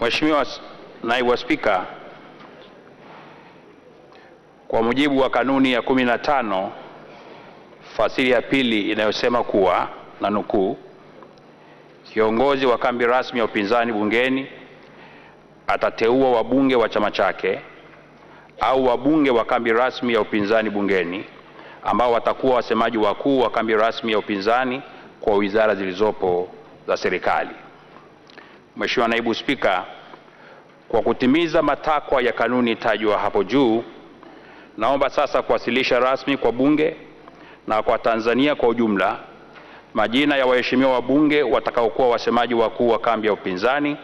Mheshimiwa Naibu Spika, kwa mujibu wa kanuni ya 15 fasili ya pili inayosema kuwa na nukuu, kiongozi wa kambi rasmi ya upinzani bungeni atateua wabunge wa chama chake au wabunge wa kambi rasmi ya upinzani bungeni ambao watakuwa wasemaji wakuu wa kambi rasmi ya upinzani kwa wizara zilizopo za serikali. Mheshimiwa Naibu Spika, kwa kutimiza matakwa ya kanuni tajwa hapo juu, naomba sasa kuwasilisha rasmi kwa Bunge na kwa Tanzania kwa ujumla majina ya waheshimiwa wabunge watakaokuwa wasemaji wakuu wa kambi ya upinzani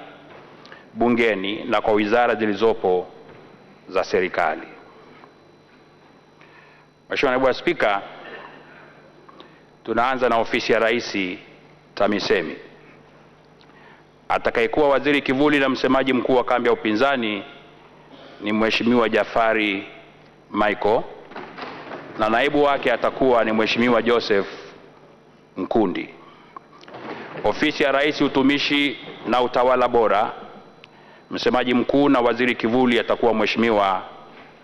bungeni na kwa wizara zilizopo za serikali. Mheshimiwa Naibu Spika, tunaanza na ofisi ya Rais TAMISEMI. Atakayekuwa waziri kivuli na msemaji mkuu wa kambi ya upinzani ni Mheshimiwa Jafari Michael na naibu wake atakuwa ni Mheshimiwa Joseph Nkundi. Ofisi ya Rais Utumishi na Utawala Bora, msemaji mkuu na waziri kivuli atakuwa Mheshimiwa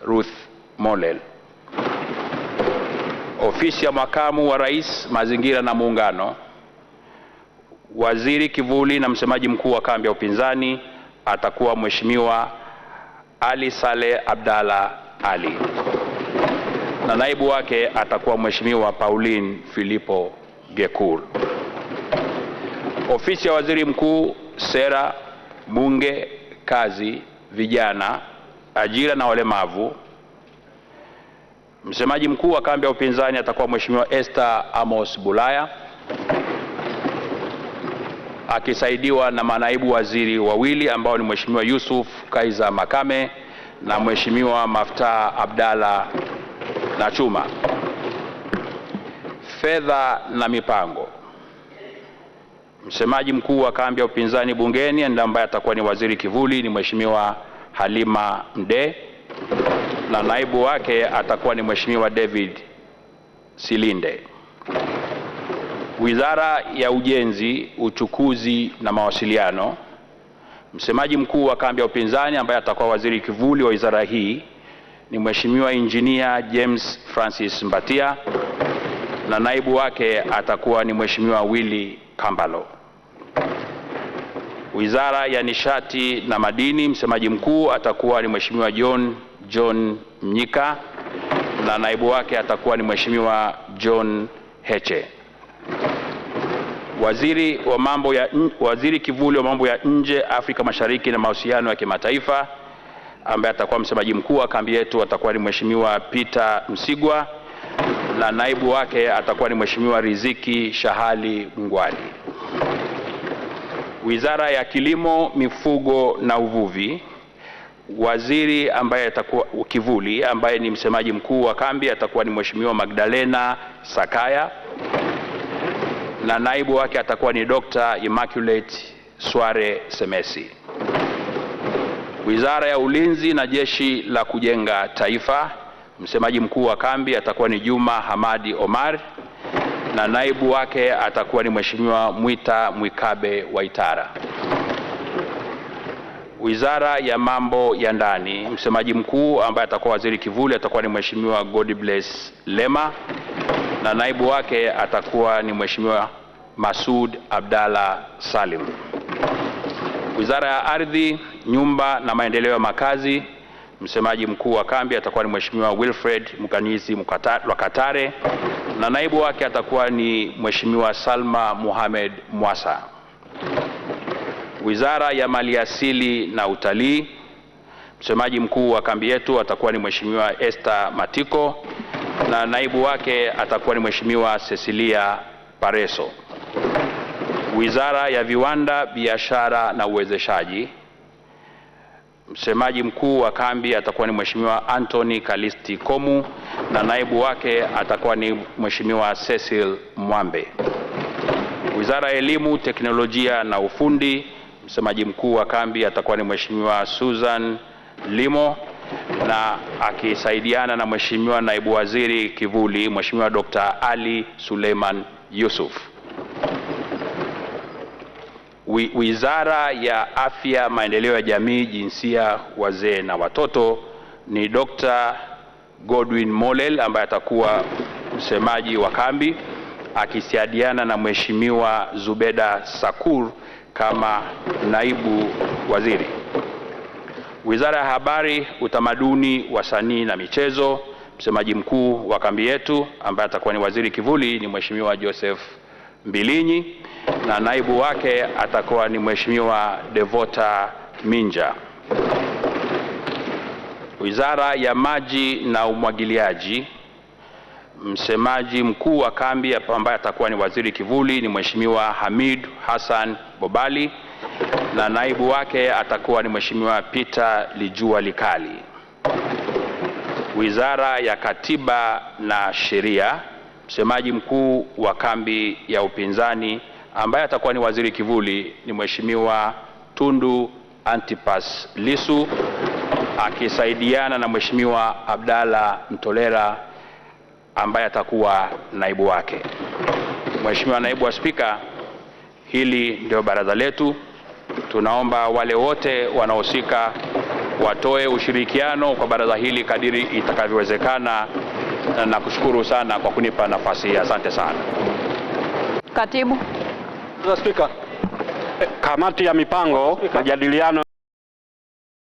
Ruth Molel. Ofisi ya Makamu wa Rais Mazingira na Muungano Waziri kivuli na msemaji mkuu wa kambi ya upinzani atakuwa Mheshimiwa Ali Saleh Abdalla Ali na naibu wake atakuwa Mheshimiwa Pauline Filipo Gekul. Ofisi ya Waziri Mkuu, Sera, Bunge, Kazi, Vijana, Ajira na Walemavu. Msemaji mkuu wa kambi ya upinzani atakuwa Mheshimiwa Esther Amos Bulaya akisaidiwa na manaibu waziri wawili ambao ni Mheshimiwa Yusuf Kaiza Makame na Mheshimiwa Mafta Abdalla Nachuma. Fedha na mipango. Msemaji mkuu wa kambi ya upinzani bungeni ndiye ambaye atakuwa ni waziri kivuli ni Mheshimiwa Halima Mdee na naibu wake atakuwa ni Mheshimiwa David Silinde. Wizara ya Ujenzi, Uchukuzi na Mawasiliano, msemaji mkuu wa kambi ya upinzani ambaye atakuwa waziri kivuli wa wizara hii ni Mheshimiwa Injinia James Francis Mbatia na naibu wake atakuwa ni Mheshimiwa Willy Kambalo. Wizara ya Nishati na Madini, msemaji mkuu atakuwa ni Mheshimiwa John John Mnyika na naibu wake atakuwa ni Mheshimiwa John Heche waziri wa mambo ya waziri kivuli wa mambo ya nje Afrika Mashariki na mahusiano ya kimataifa, ambaye atakuwa msemaji mkuu wa kambi yetu atakuwa ni Mheshimiwa Peter Msigwa na naibu wake atakuwa ni Mheshimiwa Riziki Shahali Mngwali. Wizara ya Kilimo, Mifugo na Uvuvi, waziri ambaye atakuwa kivuli ambaye ni msemaji mkuu wa kambi atakuwa ni Mheshimiwa Magdalena Sakaya na naibu wake atakuwa ni Dr. Immaculate Sware Semesi. Wizara ya Ulinzi na Jeshi la Kujenga Taifa, msemaji mkuu wa kambi atakuwa ni Juma Hamadi Omar na naibu wake atakuwa ni Mheshimiwa Mwita Mwikabe Waitara. Wizara ya Mambo ya Ndani, msemaji mkuu ambaye atakuwa waziri kivuli atakuwa ni Mheshimiwa Godbless Lema na naibu wake atakuwa ni Mheshimiwa Masud Abdalla Salim. Wizara ya Ardhi, Nyumba na Maendeleo ya Makazi, msemaji mkuu wa kambi atakuwa ni Mheshimiwa Wilfred Mkanyizi Lwakatare na naibu wake atakuwa ni Mheshimiwa Salma muhamed Mwasa. Wizara ya Maliasili na Utalii, msemaji mkuu wa kambi yetu atakuwa ni Mheshimiwa Esther Matiko na naibu wake atakuwa ni Mheshimiwa Cecilia Pareso. Wizara ya Viwanda, Biashara na Uwezeshaji, msemaji mkuu wa kambi atakuwa ni Mheshimiwa Anthony Kalisti Komu na naibu wake atakuwa ni Mheshimiwa Cecil Mwambe. Wizara ya Elimu, Teknolojia na Ufundi, msemaji mkuu wa kambi atakuwa ni Mheshimiwa Susan Limo na akisaidiana na Mheshimiwa naibu waziri kivuli Mheshimiwa Dr. Ali Suleiman Yusuf. Wizara ya Afya, Maendeleo ya Jamii, Jinsia, Wazee na Watoto ni Dr. Godwin Mollel ambaye atakuwa msemaji wa kambi akisaidiana na Mheshimiwa Zubeda Sakur kama naibu waziri. Wizara ya Habari, Utamaduni, Wasanii na Michezo, msemaji mkuu wa kambi yetu ambaye atakuwa ni waziri kivuli ni Mheshimiwa Joseph Mbilinyi na naibu wake atakuwa ni Mheshimiwa Devota Minja. Wizara ya Maji na Umwagiliaji, msemaji mkuu wa kambi ambaye atakuwa ni waziri kivuli ni Mheshimiwa Hamid Hassan Bobali na naibu wake atakuwa ni Mheshimiwa Peter Lijua Likali. Wizara ya Katiba na Sheria, msemaji mkuu wa kambi ya upinzani ambaye atakuwa ni waziri kivuli ni Mheshimiwa Tundu Antipas Lisu akisaidiana na Mheshimiwa Abdalla Mtolera ambaye atakuwa naibu wake. Mheshimiwa Naibu wa Spika, hili ndio baraza letu. Tunaomba wale wote wanaohusika watoe ushirikiano kwa baraza hili kadiri itakavyowezekana, na nakushukuru sana kwa kunipa nafasi hii, asante sana. Katibu. Spika, kamati ya mipango majadiliano